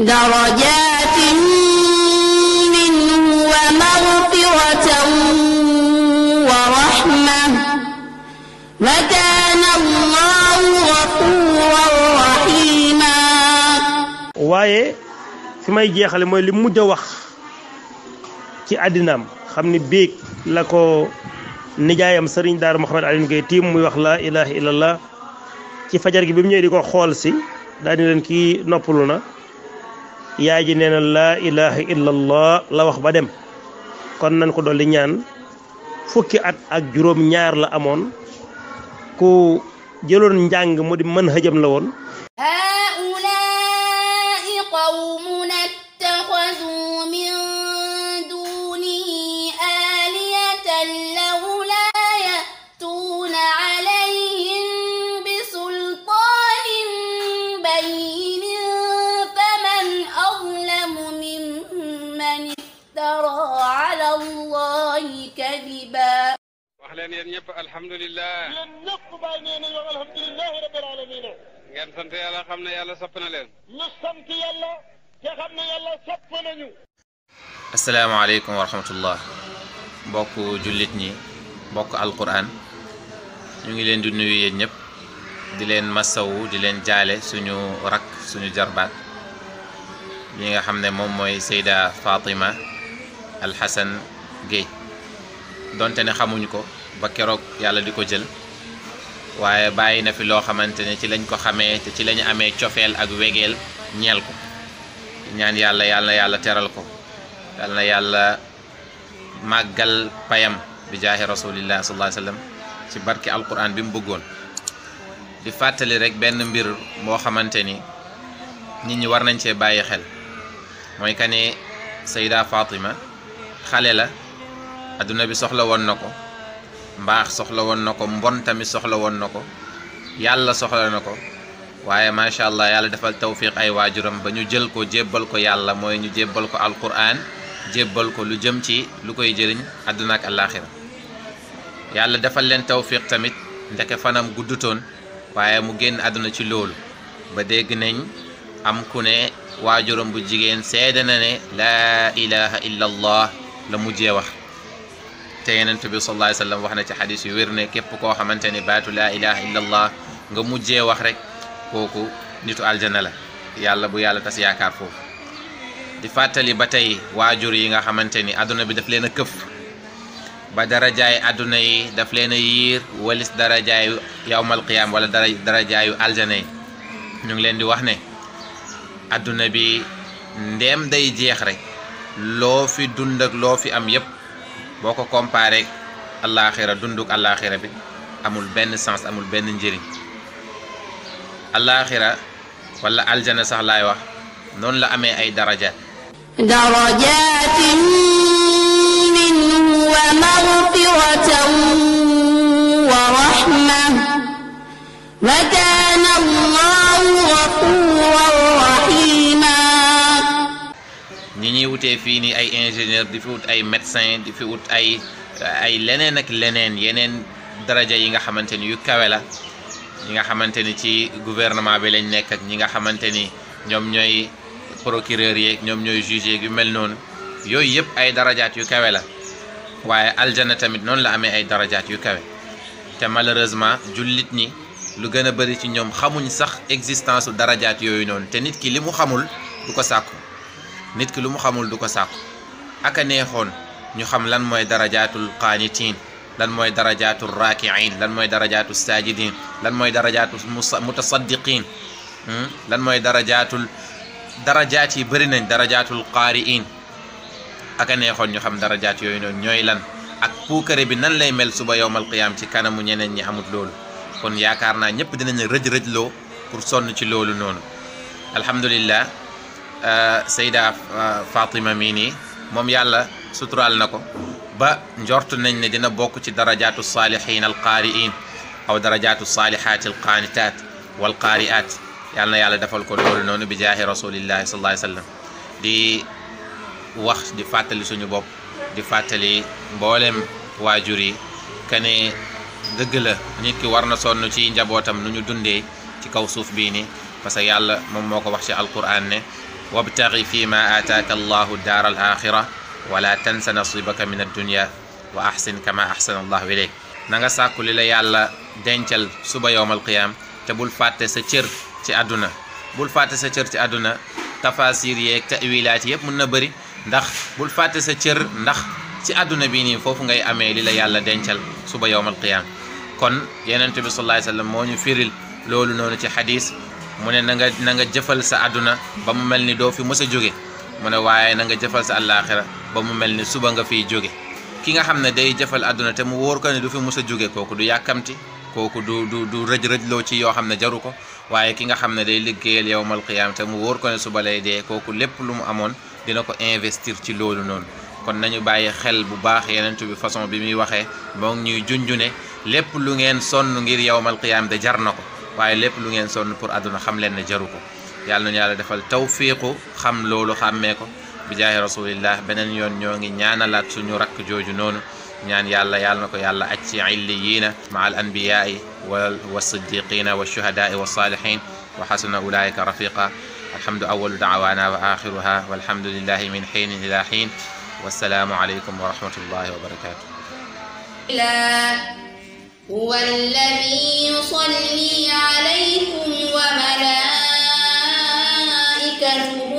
درجات منه ومغفرة ورحمة وكان الله غفورا رحيما waaye fi may jeexale mooy li mujj a wax ci àddinaam xam ni biig la ko nijaayam sëriñ daar Mouhamed Alioune Gueye tiim muy wax laa ilaha fajar gi bi mu ñëwee di ko xool si daal di leen yaay ji nee na laa ilaha illallah la wax ba dem kon nañ ko dolli ñaan fukki at ak juróom ñaar la amoon ku jëloon njàng mu di mën xëjam la woon افترى على الله كذبا اهلا يا نيب الحمد لله ينقب عينينا والحمد لله رب العالمين ين سنت يلا خمنا يلا سبنا لين نسنت يلا خمنا يلا سبنا السلام عليكم ورحمه الله بوكو جوليت ني بوكو القران نيغي لين دي نوي نيب di len massaw di len jale suñu rak suñu jarbat ñi nga xamne mom moy sayda fatima Alxasan Guèye donte ne xamuñ ko ba keroog yàlla di ko jël waaye bàyyi na fi loo xamante ne ci lañ ko xamee te ci lañu amee cofeel ak wegeel ñeel ko ñaan yàlla yàlla yàlla teral ko yàlla na yàlla màggal payam bi jaahi rasulillah sallallahu alayhi wasallam ci barke alquran bi mu bëggoon di fàttali rek benn mbir moo xamante ni nit ñi war nañ cee bàyyi xel mooy ka ne Fatima xale la adduna bi soxla woon na ko mbaax soxlawoon na ko mbon tamit soxla woon na ko yàlla soxla na ko waaye macha allah yàlla defal tawfiq ay waajuram ba ñu jël ko jébbal ko yàlla mooy ñu jébbal ko alquran jébbal ko lu jëm ci lu koy jëriñ adduna ak yàlla defal leen tawfiq tamit ndeke fanam guddutoon waaye mu génn àdduna ci loolu ba dégg nañ am ku ne waajuram bu jigéen seede na ne laa ilaha illa allah la mujjee wax te yenent bi sallallahu wax na ci xadis yu wér ne képp koo xamante ni baatu laa ilaha illa allah nga mujjee wax rek kooku nitu aljana la yàlla bu yàlla tas yaakaar foofu di fàttali ba tey waajur yi nga xamante ni àdduna bi daf leen a këf ba darajaayu àdduna yi daf leen a yiir walis darajaayu yawmal qiyaam wala dara darajaayu aljana yi ñu ngi leen di wax ne àdduna bi ndeem day jeex rek loo fi dund ak loo fi am yëpp boo ko comparé allaaxira dunduk allaaxira bi amul benn sens amul benn njëriñ allaaxira wala aljana sax laay wax noonu la amee ay darajaat darajaat gisee ay ingénieur di fi wut ay médecin di fi wut ay ay leneen ak leneen yeneen daraja yi nga xamante ni yu kawe la ñi nga xamante ni ci gouvernement bi lañ nekk ak ñi nga xamante ni ñoom ñooy procureur yeeg ñoom ñooy juge yeeg yu mel noonu yooyu yëpp ay darajaat yu kawe la waaye aljana tamit noonu la amee ay darajaat yu kawe te malheureusement jullit ñi lu gën a bëri ci ñoom xamuñ sax existence darajaat yooyu noonu te nit ki li mu xamul du ko sàkku nit ki lu mu xamul du ko sàkku aka neexoon ñu xam lan mooy darajaatul qanitin lan mooy darajaatul raakiin lan mooy darajaatul saajidin lan mooy darajaatul mutasaddiqin lan mooy darajaatul darajaat yi bëri nañ darajaatul qaariin aka neexoon ñu xam darajaat yooyu noonu ñooy lan ak puukare bi nan lay mel suba yowmal qiyam ci kanamu ñeneen ñi amut loolu kon yaakaar naa ñëpp dinañ rëj rëjloo pour sonn ci loolu noonu alhamdulillah Seyda Fatima mii nii moom yàlla suturaal na ko ba njort nañ ne dina bokk ci darajaatu saalihiin alqaariin aw darajaatu saalihaati alqaanitaat walqaariaat yàlla na yàlla defal ko loolu noonu bi jaahi rasulillahi sallallahu alayhi wasallam di wax di fàttali suñu bopp di fàttali mboolem waajur yi kane dëgg la nit ki war na sonn ci njabootam nu ñu dundee ci kaw suuf bii nii parce que yàlla moom moo ko wax ci alquran ne wa fi ma aataaka allahu daar al axira wala tansa nasibaka min addunia wa axsin kama axsana allahu ilayk na nga sàkku li la yàlla dencal suba yowmal qiyaam te bul fàtte sa cër ci àdduna bul fàtte sa cër ci àdduna tafasir yeeg yëpp mën na bëri ndax bul fàtte sa cër ndax ci àdduna bi nii foofu ngay amee li la yàlla dencal suba yowmal qiyaam kon yenentu bi sallallahu alayhi moo ñu firil loolu noonu ci xadis mu ne nanga na nga jëfal sa àdduna ba mu mel ni doo fi mës a jóge mu ne waaye na nga jëfal sa àllaaxira ba mu mel ni suba nga fiy jóge ki nga xam ne day jëfal àdduna te mu wóor ko ne du fi mës a jóge kooku du yàkkamti kooku du du du rëj loo ci yoo xam ne jaru ko waaye ki nga xam ne day liggéeyal yawmal qiyaam te mu wóor ko ne suba lay dee kooku lépp lu mu amoon dina ko investir ci loolu noonu kon nañu bàyyi xel bu baax yenentu bi façon bi muy waxee moo ngi ñuy junjune lépp lu ngeen sonn ngir yawmal qiyaam de jar na ko waye lépp lu ngeen son pour aduna xam len ne jaruko yàlla ñu yàlla defal tawfiiqu xam lolu xamé ko bi jahi rasulillah benen yon ñoo ngi ñaanalaat suñu rak joju noonu ñaan yàlla yàlla nako yàlla acci illiyina illiyiina maa al anbiyaai wa wa siddiqiina wa shuhadaai wa wa xasuna ulaayika rafiqa الحمد أول دعوانا وآخرها والحمد لله من حين إلى حين والسلام عليكم ورحمة الله وبركاته هو الذي يصلي عليكم وملائكته